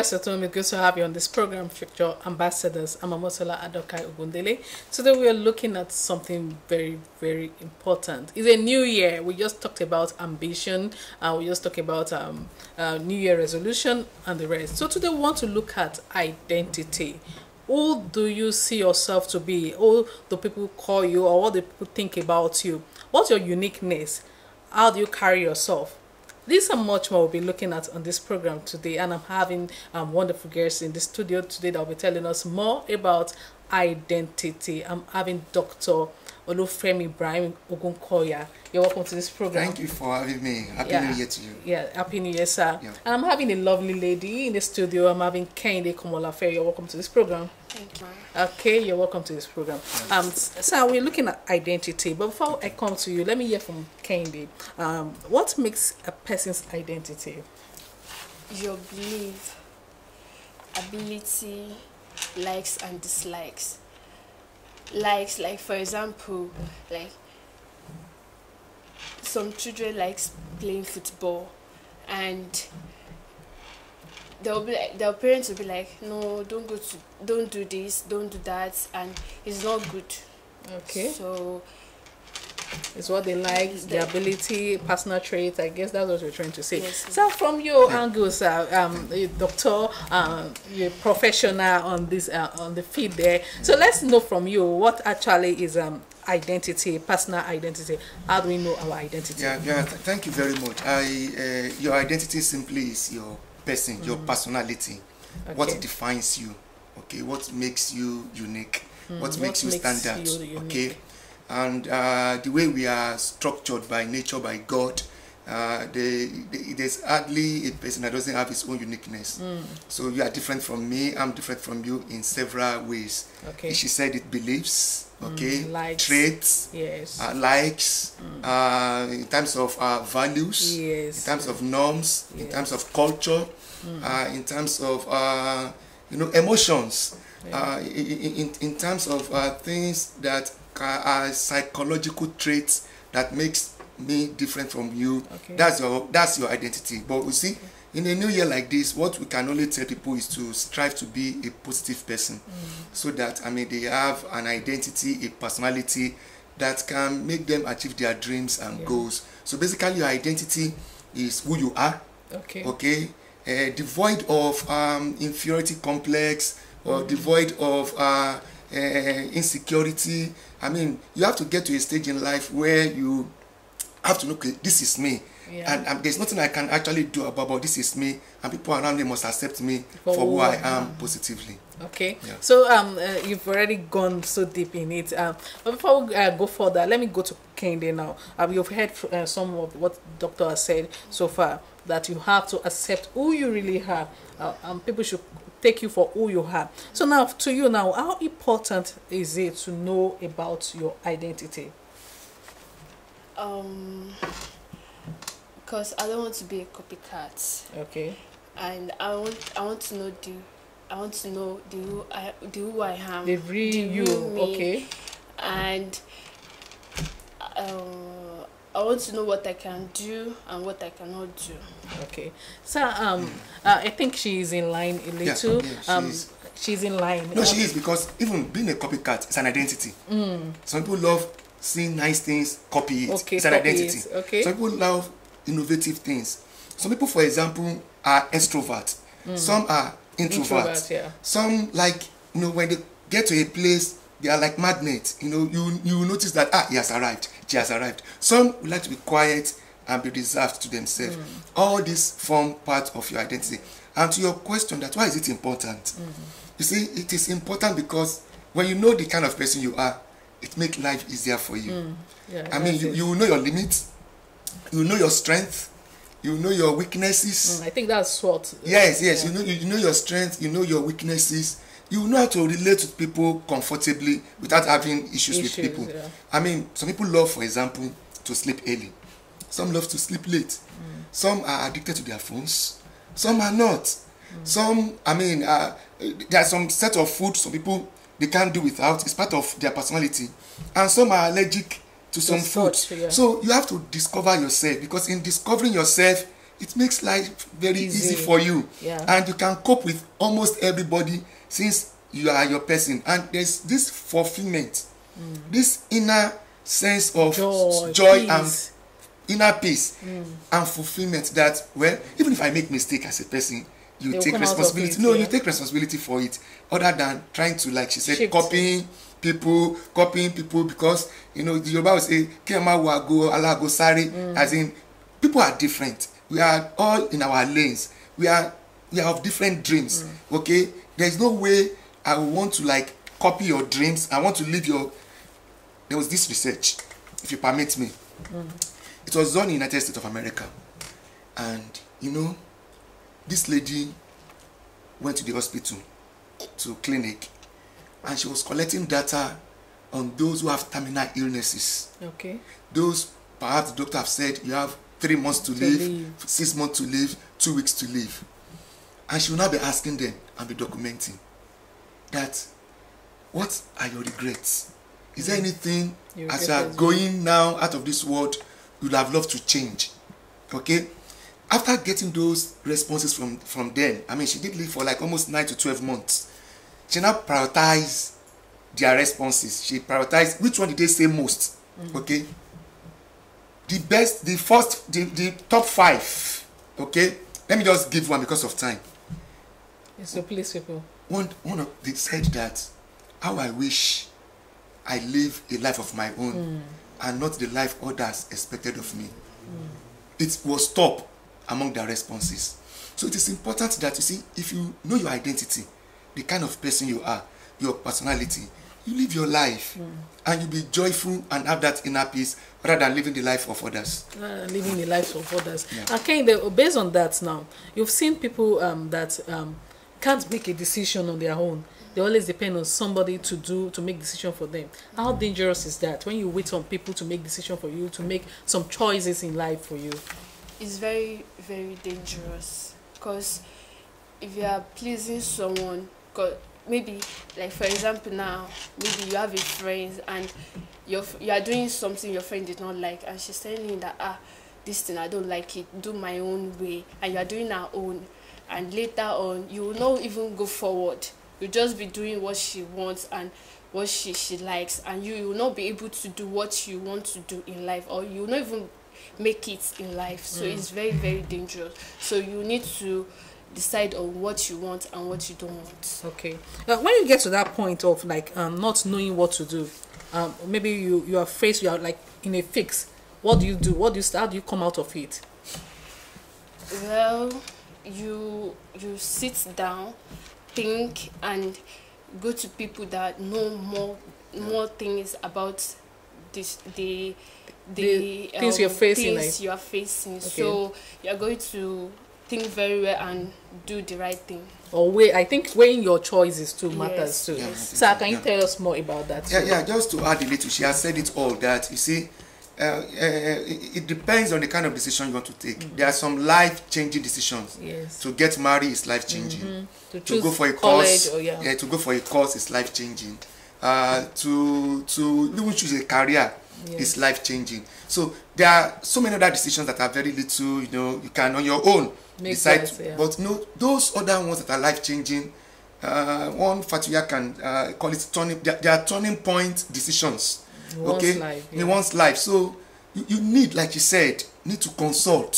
Yes, Atomi, good to have you on this program, future ambassadors. I'm Amotola Adokai Ogundele. Today we are looking at something very, very important. It's a new year. We just talked about ambition, and uh, we just talked about um, uh, New Year resolution and the rest. So today we want to look at identity. Who do you see yourself to be? Who do people call you or what do people think about you? What's your uniqueness? How do you carry yourself? These are much more we'll be looking at on this program today, and I'm having um, wonderful guests in the studio today that will be telling us more about identity. I'm having Dr. Olufemi Brian Ogunkoya. You're welcome to this program. Thank you for having me. Happy yeah. New Year to you. Yeah, Happy New Year, sir. Yeah. And I'm having a lovely lady in the studio. I'm having Kende Komolafe. You're welcome to this program. Thank you. Okay, you're welcome to this program. Um, so we're looking at identity, but before I come to you, let me hear from Candy. Um, what makes a person's identity? Your belief, ability, likes and dislikes. Likes, like for example, like some children likes playing football, and they'll be like, their parents will be like, no, don't go to, don't do this, don't do that, and it's not good. Okay. So it's what they like, their ability, personal traits. I guess that's what we're trying to say. Yes, so, from your angle, sir, um, doctor, um, professional on this uh, on the feed there. So let's know from you what actually is um identity, personal identity. How do we know our identity? Yeah, yeah. Th thank you very much. I uh, your identity simply is your person, mm your personality, okay. what defines you, okay, what makes you unique, mm, what makes what you stand out, okay, and uh, the way we are structured by nature, by God. Uh, there's hardly a person that doesn't have his own uniqueness. Mm. So you are different from me. I'm different from you in several ways. Okay. She said it beliefs. Mm, okay. Mm, likes. Traits. Yes. Uh, likes. Mm. Uh, in terms of uh, values. Yes. In terms yes. of norms. Yes. In terms of culture mm. uh, in terms of uh, you know emotions, yeah. uh, in, in terms of uh, things that are psychological traits that makes me different from you. Okay. That's your that's your identity. But you see, in a new year like this, what we can only tell people is to strive to be a positive person, mm. so that I mean they have an identity, a personality that can make them achieve their dreams and yeah. goals. So basically, your identity is who you are. Okay. Okay. uh, devoid of um, inferiority complex or mm -hmm. devoid of uh, uh, insecurity. I mean, you have to get to a stage in life where you have to look this is me. Yeah. And, and there's nothing I can actually do about, But this is me, and people around me must accept me for, for who I am yeah. positively. Okay, yeah. so um, uh, you've already gone so deep in it. Um, but before we uh, go further, let me go to Kende now. Um, you've heard uh, some of what doctor has said so far. that you have to accept who you really are uh, and people should take you for who you are so now to you now how important is it to know about your identity um because i don't want to be a copycat okay and i want i want to know the i want to know the who i the who i am the real you me, okay and um I want to know what I can do and what I cannot do. Okay. So um, uh, I think she's in line a little. Yeah, yeah, she um, she's in line. No, she um, is because even being a copycat is an identity. Mm. Some people love seeing nice things, copy it. Okay, it's an identity. It. Okay. Some people love innovative things. Some people, for example, are extrovert. Mm. Some are introvert. introvert yeah. Some like you know when they get to a place they are like magnets. You know, you you notice that ah, he has arrived, she has arrived. Some would like to be quiet and be reserved to themselves. Mm. All this form part of your identity. And to your question, that why is it important? Mm. You see, it is important because when you know the kind of person you are, it makes life easier for you. Mm. Yeah, I mean, you, you know your limits, you know your strength, you know your weaknesses. Mm, I think that's what. Yes, yes, yeah. you know you know your strength, you know your weaknesses you know how to relate to people comfortably without having issues, issues with people. Yeah. I mean, some people love, for example, to sleep early. Some love to sleep late. Mm. Some are addicted to their phones. Some are not. Mm. Some, I mean, uh, there are some set of food some people they can't do without. It's part of their personality. And some are allergic to some food. yeah. So you have to discover yourself because in discovering yourself, it makes life very easy, easy for you yeah. and you can cope with almost everybody since you are your person and there's this fulfillment, mm. this inner sense of joy, joy and inner peace mm. and fulfillment. that well even if i make mistake as a person you They'll take responsibility it, no yeah. you take responsibility for it other than trying to like she said Shift. copying people copying people because you know the yoruba will say kí ẹ má wo ago mm. as in people are different we are all in our lanes we are we are of different dreams mm. okay there is no way i want to like copy your dreams i want to live your there was this research if you permit me mm. it was done in united states of america and you know this lady went to the hospital to clinic and she was collecting data on those who have terminal illnesses okay those perhaps the doctor have said you have three months to, to live, six months to live, two weeks to live. And she will now be asking them and be documenting that what are your regrets? Is there mm. anything you as you are going now out of this world you'd have loved to change? Okay? After getting those responses from, from them, I mean, she did leave for like almost 9 to 12 months. She now prioritized their responses. She prioritized which one did they say most. Mm-hmm. Okay? the best the first the, the top five okay let me just give one because of time yes so please people one one of they said that how i wish i live a life of my own mm. and not the life others expected of me mm. it was top among the responses so it is important that you see if you know your identity the kind of person you are your personality you live your life mm. and you be joyful and have that inner peace rather than living the life of others. Uh, living the life of others. Yeah. Okay, based on that now, you've seen people um, that um, can't make a decision on their own. They always depend on somebody to do to make decision for them. How dangerous is that when you wait on people to make decision for you, to make some choices in life for you? It's very, very dangerous because if you are pleasing someone, because maybe like for example now maybe you have a friend and you're you are doing something your friend did not like and she's telling you that ah this thing i don't like it do my own way and you are doing her own and later on you will not even go forward you'll just be doing what she wants and what she she likes and you, you will not be able to do what you want to do in life or you will not even make it in life so mm. it's very very dangerous so you need to decide on what you want and what you don't want okay when you get to that point of like um, not knowing what to do um, maybe you you are faced you are like in a fix what do you do what do you start? do you come out of it well you you sit down think and go to people that know more more things about this the the, the things um, you're facing things like... you're facing okay. so you're going to think very well and do the right thing. Or wait, I think weighing your choices too yes. matters too. Yeah, Sir, can you yeah. tell us more about that? Yeah, too? yeah. Just to add a little, she has said it all. That you see, uh, uh, uh, it, depends on the kind of decision you want to take. Mm-hmm. There are some life-changing decisions. Yes. To get married is life-changing. Mm-hmm. To, to go for a course, or, yeah. yeah. To go for a course is life-changing. Uh, to to even choose a career yes. is life-changing. So there are so many other decisions that are very little, you know, you can on your own Make decide. Sense, yeah. But no, those other ones that are life changing, uh, one fatwa can uh, call it turning, they are turning point decisions. One's okay, life, yeah. in one's life. So you, you need, like you said, need to consult,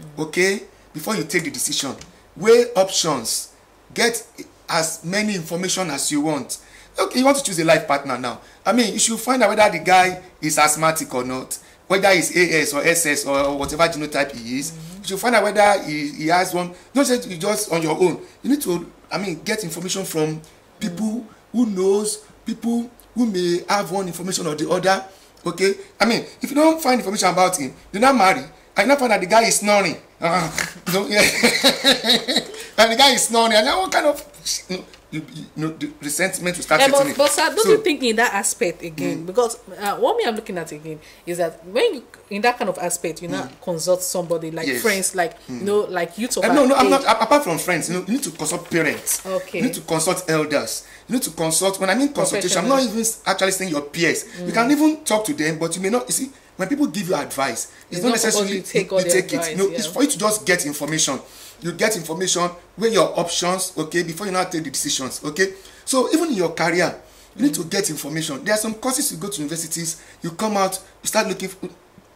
mm. okay, before you take the decision. Weigh options, get as many information as you want. Okay, you want to choose a life partner now. I mean, you should find out whether the guy is asthmatic or not whether he's AS or SS or whatever genotype he is. mm You should find out whether he, he has one. Don't say you just on your own. You need to, I mean, get information from people who knows, people who may have one information or the other. Okay? I mean, if you don't find information about him, do not marry. I now find that the guy is snoring. Uh, uh-huh. so, yeah. and the guy is snoring. And what kind of. You know, you, you know the resentment will start yeah, but, but sir don't so, you think in that aspect again mm. because uh, what me i'm looking at again is that when you in that kind of aspect you mm. consult somebody like yes. friends like mm. you know like you talk um, uh, no no i'm not apart from friends you know you need to consult parents okay you need to consult elders you need to consult when i mean consultation i'm not even actually saying your peers mm. you can mm. even talk to them but you may not you see when people give you advice it's, it's not, not necessarily you take, you, you take advice, it no yeah. it's for you to just get information you get information weigh your options okay before you now take the decisions okay so even in your career you need to get information there are some courses you go to universities you come out you start looking for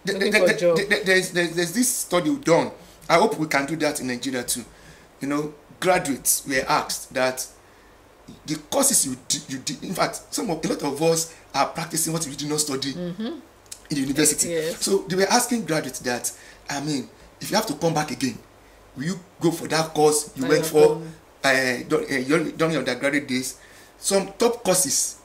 there, there, there, there, there, there's, there's, this study done i hope we can do that in nigeria too you know graduates were asked that the courses you did you did in fact some of a lot of us are practicing what we did not study mm-hmm. in university yes. so they were asking graduates that i mean if you have to come back again will you go for that course you I went for uh, during, uh, during your undergraduate days some top courses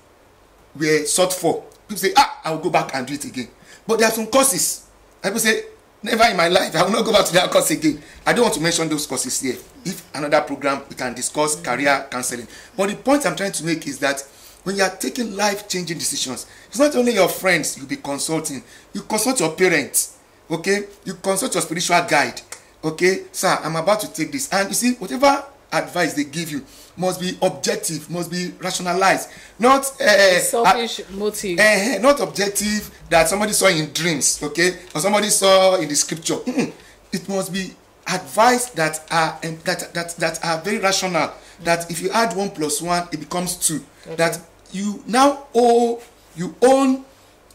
were sought for people say ah i will go back and do it again but there are some courses people say never in my life i will not go back to that course again i don't want to mention those courses here if another program we can discuss mm -hmm. career counseling but the point i'm trying to make is that when you are taking life changing decisions it's not only your friends you be consulting you consult your parents okay you consult your spiritual guide okay sir i'm about to take this and you see whatever advice they give you must be objective must be rationalized not uh, selfish uh, motive uh, not objective that somebody saw in dreams okay or somebody saw in the scripture mm -mm. it must be advice that are um, that that that are very rational that if you add one plus one it becomes two okay. that you now owe you own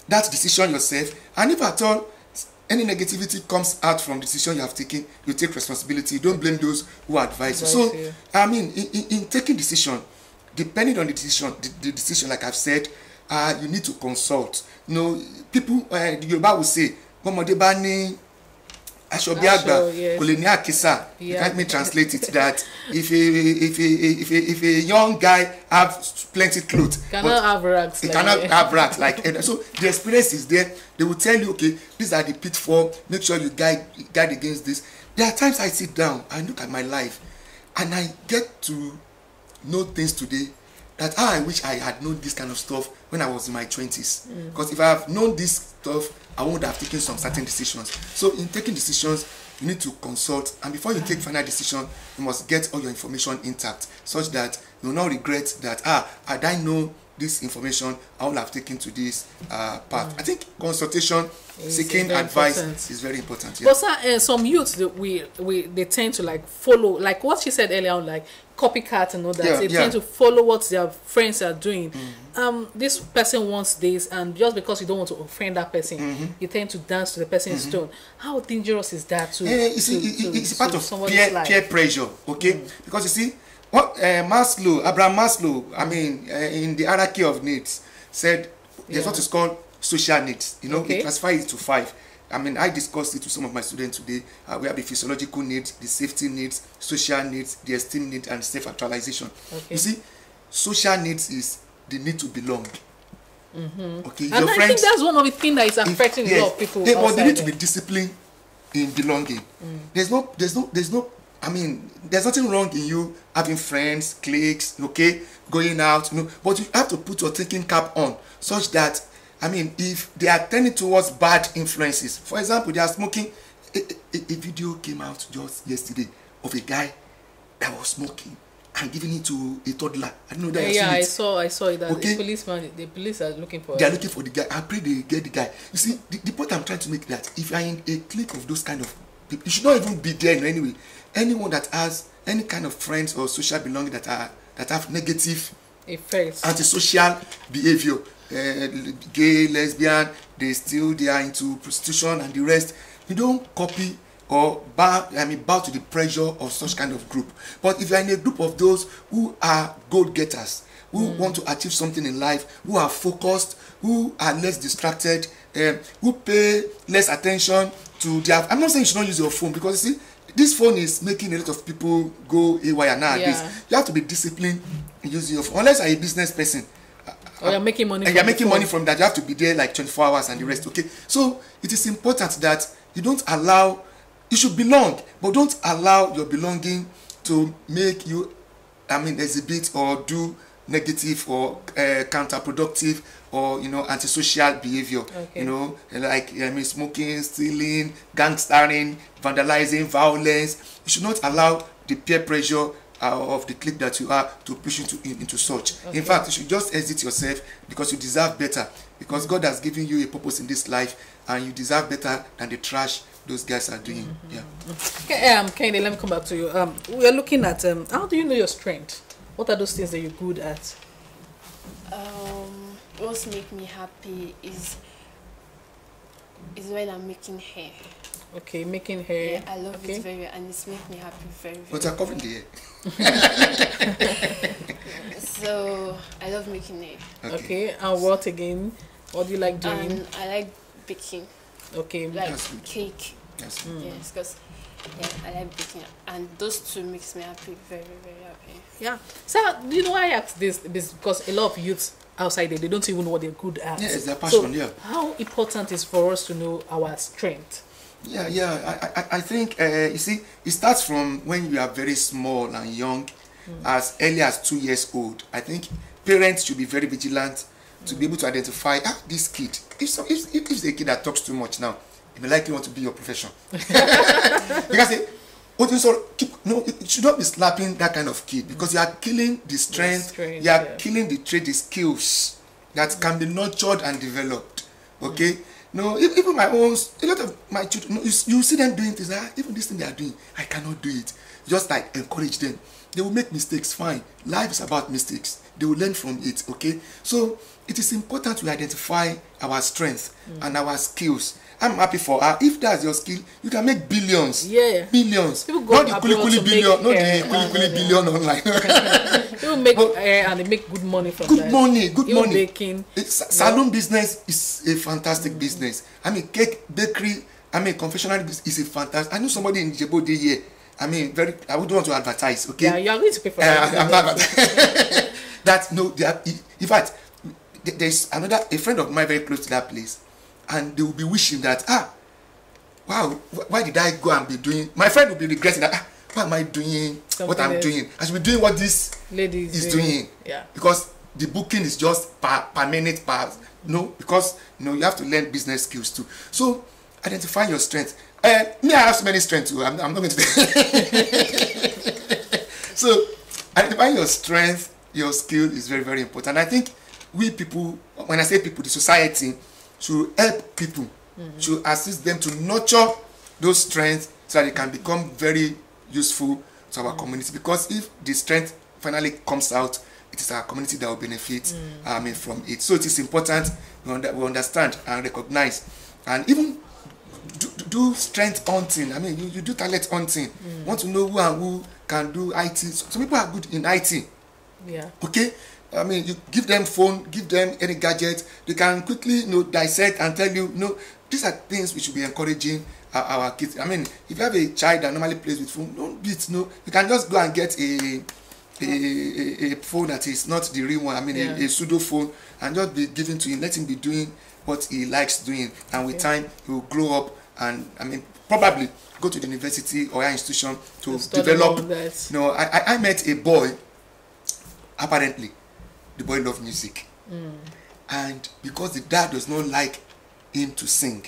that decision yourself and if at all any negativity comes out from decision you have taken you take responsibility you don't blame those who advise you so i mean in, in, in taking decision depending on the decision the, the decision like i've said uh, you need to consult you know people uh, the Yorùbá will say bọ́mọdé bá ní aṣọ bí àgbà kò lè ní àkísà you can't me translate it that if a if a if a if a young guy have plenty clothes cannot have rags he like cannot yeah. have rags like and so the experience is there they will tell you okay these are the pitfall make sure you guide guide against this there are times i sit down i look at my life and i get to know things today that ah, I wish I had known this kind of stuff when I was in my 20s. Because mm. if I have known this stuff, I would have taken some certain decisions. So, in taking decisions, you need to consult. And before you take final decision, you must get all your information intact such that you will not regret that, ah, had I known this information, I would have taken to this uh, path. Mm. I think consultation, is seeking advice important. is very important. Yeah. But sir, uh, some youths, we, we, they tend to like follow, like what she said earlier on, like copycat and all that. Yeah, they yeah. tend to follow what their friends are doing. Mm. Um, this person wants this, and just because you don't want to offend that person, mm-hmm. you tend to dance to the person's mm-hmm. tone. How dangerous is that? To, yeah, it's, eh, to, it, it, it's to part of peer, life? peer pressure, okay? Mm. Because you see, what uh, Maslow, Abraham Maslow, I mean, uh, in the hierarchy of needs, said there's yeah. what is called social needs. You know, okay. they classify it to five. I mean, I discussed it with some of my students today. Uh, we have the physiological needs, the safety needs, social needs, the esteem need, and self actualization. Okay. You see, social needs is the need to belong. Mm-hmm. Okay, and your I friends, think that's one of the things that is affecting if, yes, a lot of people. They, but they need there. to be disciplined in belonging. Mm. There's no, there's no, there's no. I mean, there's nothing wrong in you having friends, cliques, okay, going out, you know, but you have to put your thinking cap on such that I mean, if they are turning towards bad influences, for example, they are smoking. A, a, a video came out just yesterday of a guy that was smoking and giving it to a toddler. I don't know that. Yeah, yeah I saw, I saw it. That okay? the policeman, the police are looking for. They are looking for the guy. I pray they get the guy. You see, the, the point I'm trying to make that if you are in a clique of those kind of people, you should not even be there in any way. Anyone that has any kind of friends or social belonging that are that have negative effects, antisocial behavior, uh, gay lesbian they still they are into prostitution and the rest you don't copy or bow i mean bow to the pressure of such kind of group but if you are in a group of those who are goal getters who mm. want to achieve something in life who are focused who are less distracted um, who pay less attention to their i'm not saying you should not use your phone because you see this phone is making a lot of people go haywire nowadays yeah. you have to be disciplined in using your phone unless you are a business person Or you're ah, making money. And you're making money from that. You have to be there like 24 hours and the rest. Okay. So it is important that you don't allow. You should belong, but don't allow your belonging to make you, I mean, exhibit or do negative or uh, counterproductive or you know antisocial behavior okay. you know like i mean smoking stealing gangstering vandalizing violence you should not allow the peer pressure uh, of the clique that you are to push into into such. Okay. In fact, you should just exit yourself because you deserve better. Because God has given you a purpose in this life, and you deserve better than the trash those guys are doing. Mm -hmm. Yeah. Okay, um, Kenny, let me come back to you. Um, we are looking at um, how do you know your strength? What are those things that you're good at? Um, what makes me happy is is when I'm making hair. Okay, making hair. Yeah, I love okay. it very and it's making me happy very, very But I are covering the hair. so I love making hair. Okay. okay. and what again? What do you like doing? Um, I like baking. Okay. Like cake. Yes. Mm. Yes, because yeah, I like baking, and those two makes me happy, very, very happy. Yeah. So do you know why I ask this? This because a lot of youths outside there they don't even know what they're good at. Yeah, it's their passion. So yeah. How important is for us to know our strength? Yeah, yeah. I, I, I think, uh, you see, it starts from when you are very small and young, mm. as early as two years old. I think parents should be very vigilant to be able to identify ah, this kid. If, so, if, if it's a kid that talks too much now, he may likely want to be your profession. because it, what you saw, keep, no, it should not be slapping that kind of kid because you are killing the strength, the strength you are yeah. killing the trade, the skills that can be nurtured and developed. Okay? Mm. No, e-, even my own, a lot of my children, you, you see them doing things. Ah, even this thing they are doing, I cannot do it. Just like encourage them. They will make mistakes, fine. Life is about mistakes. They will learn from it, okay? So it is important to identify our strength mm. and our skills. I'm happy for her. If that's your skill, you can make billions. Yeah. Billions. not the kuli kuli billion, not the eh, kuli kuli eh, eh, billion online. People make but, and they make good money from good that. Good money, good Even money. Baking. It's, yeah. Salon business is a fantastic mm. business. I mean, cake bakery. I mean, confectionery is a fantastic. I know somebody in Djibouti here. I mean, very. I wouldn't want to advertise. Okay. Yeah, you are going to pay for that. Uh, I'm not that no. They are, in fact, there's another a friend of mine very close to that place, and they will be wishing that ah, wow, why did I go and be doing? My friend will be regretting that. Ah, what am I doing Something what I'm is. doing? I should be doing what this lady is doing. doing. Yeah. Because the booking is just per, per minute per no because you know you have to learn business skills too. So identify your strengths. And eh, me, I have so many strengths too. Oh, I'm, I'm not going to. so, identifying your strength, your skill is very, very important. And I think we people, when I say people, the society should help people, mm-hmm. should assist them to nurture those strengths so that they can become very useful to our mm-hmm. community. Because if the strength finally comes out, it is our community that will benefit mm. I mean, from it. So it is important we, under, we understand and recognize. And even do, do strength hunting. I mean, you, you do talent hunting. Mm. Want to know who and who can do IT. Some people are good in IT. Yeah. Okay. I mean, you give them phone, give them any gadget. They can quickly, you know, dissect and tell you, you know, these are things we should be encouraging our, our kids. I mean, if you have a child that normally plays with phone, don't beat. No, you can just go and get a a, a, a phone that is not the real one. I mean, yeah. a, a pseudo phone, and just be given to him. Let him be doing what he likes doing and with yeah. time he will grow up and i mean probably go to the university or higher institution to develop you know i i met a boy apparently the boy love music mm. and because the dad does not like him to sing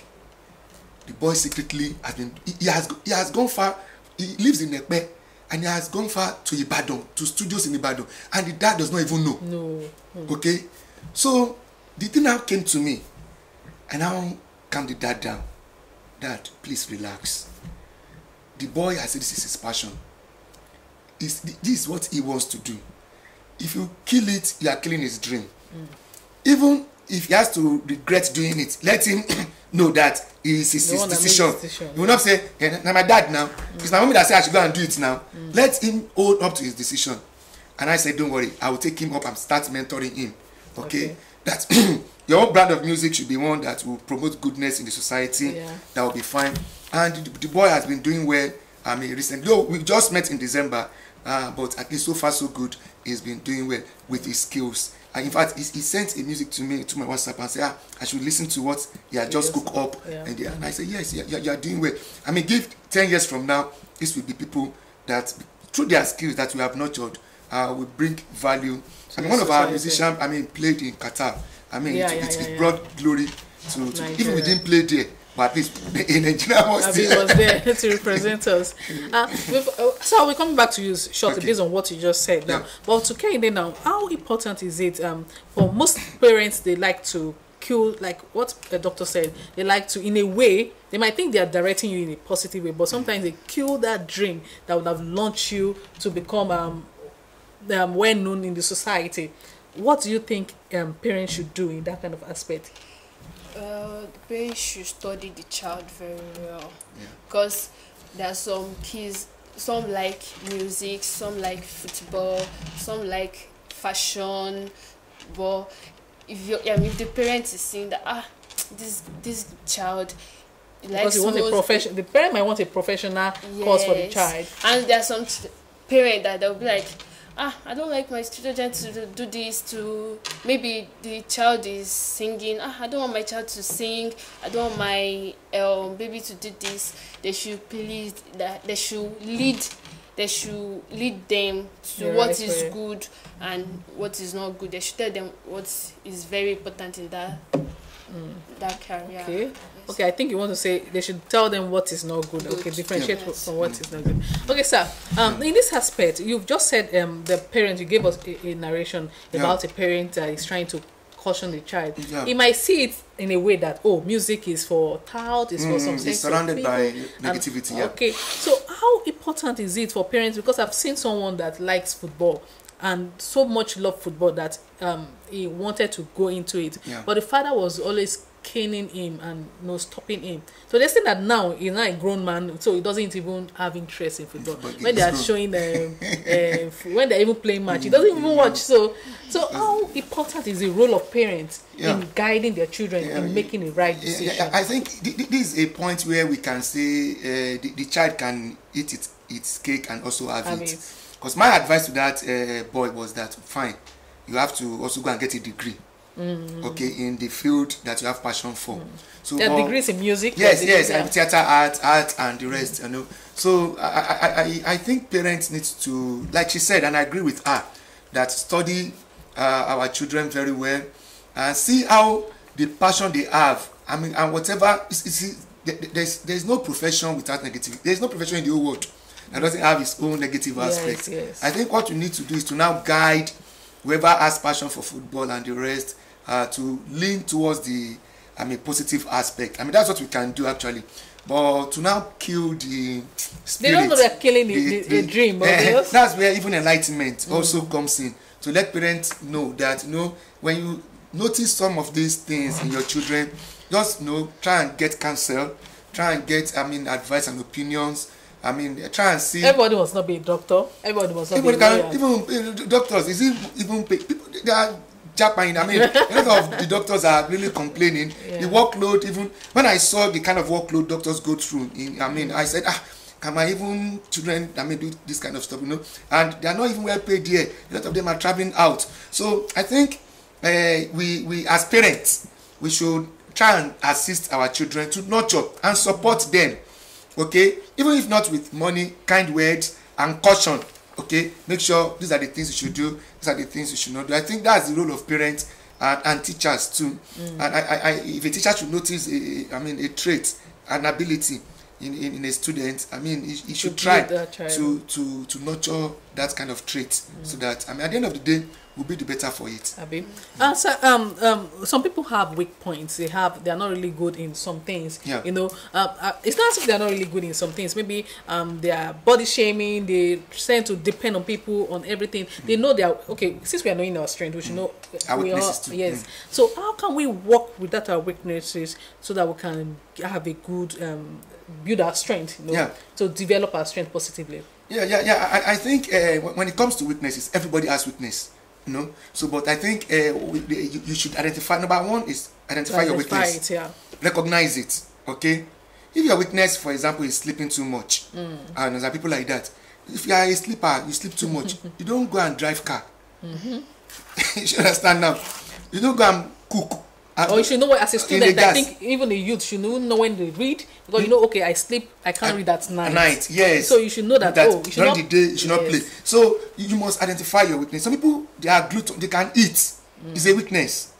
the boy secretly has been he, he has he has gone far he lives in Ekpe and he has gone far to Ibadan to studios in Ibadan and the dad does not even know no mm. okay so the thing now came to me And now, calm the dad down. Dad, please relax. The boy has said this is his passion. It's, this is what he wants to do. If you kill it, you are killing his dream. Mm. Even if he has to regret doing it, let him know that it is his, his decision. You will not say, hey, eh, na my dad now. Mm. It's my mommy that said I should go and do it now. Mm. Let him hold up to his decision. And I said, don't worry, I will take him up and start mentoring him. Okay? okay. that your brand of music should be one that will promote goodness in the society. Yeah. That will be fine. And the, the boy has been doing well. I mean, recently, though we just met in December, uh, but at least so far so good. He's been doing well with his skills. And uh, in fact, he, he sent a music to me to my WhatsApp and said, ah, I should listen to what he had just cooked up. Yeah. And, yeah, and I said, yes, you, you are doing well. I mean, give 10 years from now, this will be people that, through their skills that we have nurtured, uh, will bring value. So I one of our musicians, I mean, played in Qatar. I mean, yeah, it, yeah, it, yeah, it brought glory to, to even we didn't play there. But at least in Nigeria was there. was there to represent us. Uh, uh, so we're coming back to you shortly okay. based on what you just said now. Yeah. But to Kehinde now, how important is it um, for most parents? They like to kill. like what the uh, doctor said, they like to, in a way, they might think they are directing you in a positive way, but sometimes they kill that dream that would have launched you to become um, um, well known in the society what do you think um, parents should do in that kind of aspect uh, the parents should study the child very well because yeah. there are some kids some like music some like football some like fashion but if you I mean, if the parent is seeing that ah this this child likes because you want a profession the parent might want a professional yes. course for the child and there are some parents that they'll be like ah i don't like my student to do this to maybe the child is singing ah i don't want my child to sing i don't want my um, baby to do this they should please that they should lead they should lead them to what is what right is good and what is not good they should tell them what is very important in that mm. that Okay. Yes. Okay, I think you want to say they should tell them what is not good. good. Okay, differentiate yeah. from what mm. is not good. Okay, sir. Um, in this aspect, you've just said um, the parent. You gave us a, a narration yeah. about a parent that is trying to caution the child. Yeah. He might see it in a way that oh, music is for tout, is mm, for something. It's surrounded by negativity. yeah. Okay, so how important is it for parents? Because I've seen someone that likes football and so much loved football that um, he wanted to go into it. Yeah. But the father was always caning him and you know, stopping him. So they say that now he's not a grown man, so he doesn't even have interest in football. Eh, when they are showing, them, uh, when they're even playing match, he mm. doesn't even mm. watch. So, so how important is the role of parents yeah. in guiding their children yeah, in making the right decision? I think this is a point where we can say uh, the, the child can eat its, its cake and also have, have it. it because my advice to that uh, boy was that fine you have to also go and get a degree mm. okay in the field that you have passion for mm. so there degrees in music yes yes and theater art art and the rest mm. you know so I, I i i think parents need to like she said and i agree with her that study uh, our children very well and see how the passion they have i mean and whatever you see there's there's no profession without negativity there's no profession in the whole world and doesn't have its own negative aspects. Yes, yes. I think what you need to do is to now guide whoever has passion for football and the rest uh, to lean towards the I mean positive aspect. I mean that's what we can do actually. But to now kill the spirit, they don't know they're killing the, the, the, the dream. Uh, that's where even enlightenment mm. also comes in to let parents know that you know when you notice some of these things in your children, just you know try and get counsel, try and get I mean advice and opinions I mean, try and see. Everybody must not be a doctor. Everybody must not Everybody be a lawyer. even eh, doctors, is it even people? They are jackpine. I mean, a lot of the doctors are really complaining. Yeah. The workload, even when I saw the kind of workload doctors go through, in, I mean, I said, ah, can my even children, I mean, do this kind of stuff, you know? And they are not even well paid here. A lot of them are traveling out. So I think uh, we, we as parents, we should try and assist our children to nurture and support them okay even if not with money kind words and caution okay make sure these are the things you should do these are the things you should not do i think that's the role of parents and, and teachers too mm. and I, I, I if a teacher should notice a, i mean a trait an ability in, in, in a student i mean he, he should try to to to nurture that kind of trait mm. so that i mean at the end of the day will be the better for it. Abi. Uh, so, um, um, some people have weak points. They have they are not really good in some things. Yeah. You know, um, uh, it's not as if they are not really good in some things. Maybe um, they are body shaming. They tend to depend on people on everything. Mm. They know they are okay. Since we are knowing our strength, we should mm. know our we weaknesses are, too. Yes. Mm. So how can we work without our weaknesses so that we can have a good um, build our strength? You know, yeah. To develop our strength positively. Yeah, yeah, yeah. I, I think uh, when it comes to weaknesses, everybody has weakness you know so but i think uh, you, you, should identify number one is identify, identify your weakness it, yeah. recognize it okay if your weakness for example is sleeping too much mm. and there are people like that if you are a sleeper you sleep too much you don't go and drive car mm-hmm. you understand now you don't go and cook I, or you should know what as a student i think even a youth should know, know when they read because you know mm. okay i sleep i can't I, read at night night yes so you should know that, that oh you should during not, the day you should yes. not play so you must identify your weakness some people they are gluten they can eat mm. it's a weakness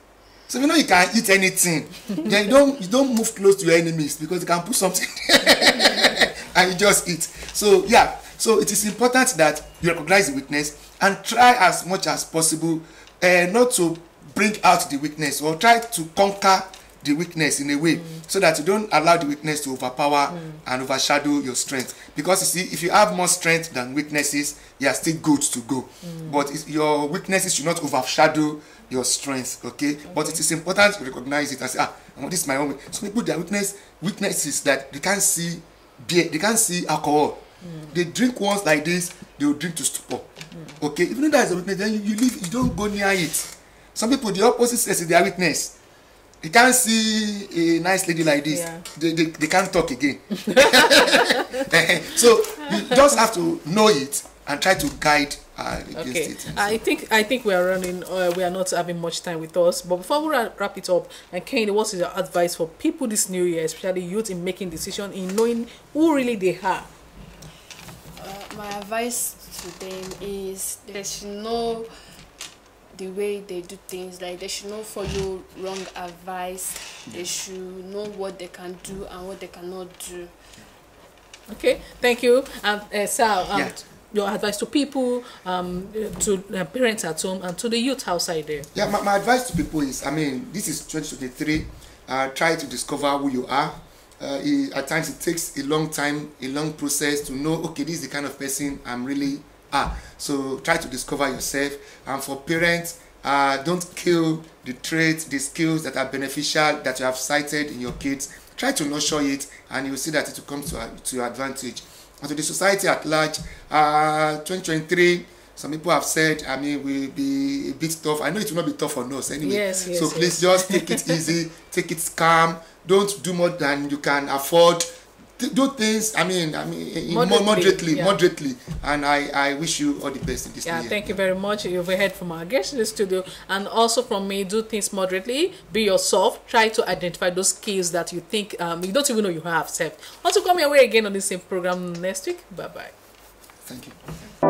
so you know you can eat anything then you don't you don't move close to your enemies because they can put something and you just eat so yeah so it is important that you recognize the weakness and try as much as possible uh, not to bring out the weakness or try to conquer the weakness in a way mm. so that you don't allow the weakness to overpower mm. and overshadow your strength because you see if you have more strength than weaknesses you are still good to go mm. but your weaknesses should not overshadow your strength okay? okay mm. but it is important to recognize it and say ah this is my own way some people their weakness weaknesses that they can't see beer they can't see alcohol mm. they drink once like this they will drink to stupor mm. okay even though that is a weakness then you, you leave you don't go near it some people the opposite sex is their witness you can't see a nice lady like this yeah. they, they, they can't talk again eh, so you just have to know it and try to guide uh, okay. I think I think we are running. Uh, we are not having much time with us. But before we wrap it up, and uh, Kane, what is your advice for people this new year, especially youth, in making decision, in knowing who really they are? Uh, my advice to them is they should know the way they do things like they should not follow wrong advice they should know what they can do and what they cannot do okay thank you And uh, sal um, yeah. your advice to people um, to uh, parents at home and to the youth outside there yeah my, my advice to people is i mean this is 2023 uh, try to discover who you are uh, it, at times it takes a long time a long process to know okay this is the kind of person i'm really are. Ah, so try to discover yourself. And for parents, uh, don't kill the traits, the skills that are beneficial that you have cited in your kids. Try to nurture it, and you will see that it will come to, uh, to your advantage. And to the society at large, uh, ah, 2023 some people have said i mean will be a bit tough i know it will not be tough on us anyway yes, yes, so please yes. just take it easy take it calm don't do more than you can afford do things. I mean, I mean, moderately, moderately, yeah. moderately, And I, I wish you all the best in this. Yeah, thank you very much. You've heard from our guest in the studio, and also from me. Do things moderately. Be yourself. Try to identify those skills that you think um, you don't even know you have. Self. Want to come your way again on the same program next week? Bye bye. Thank you.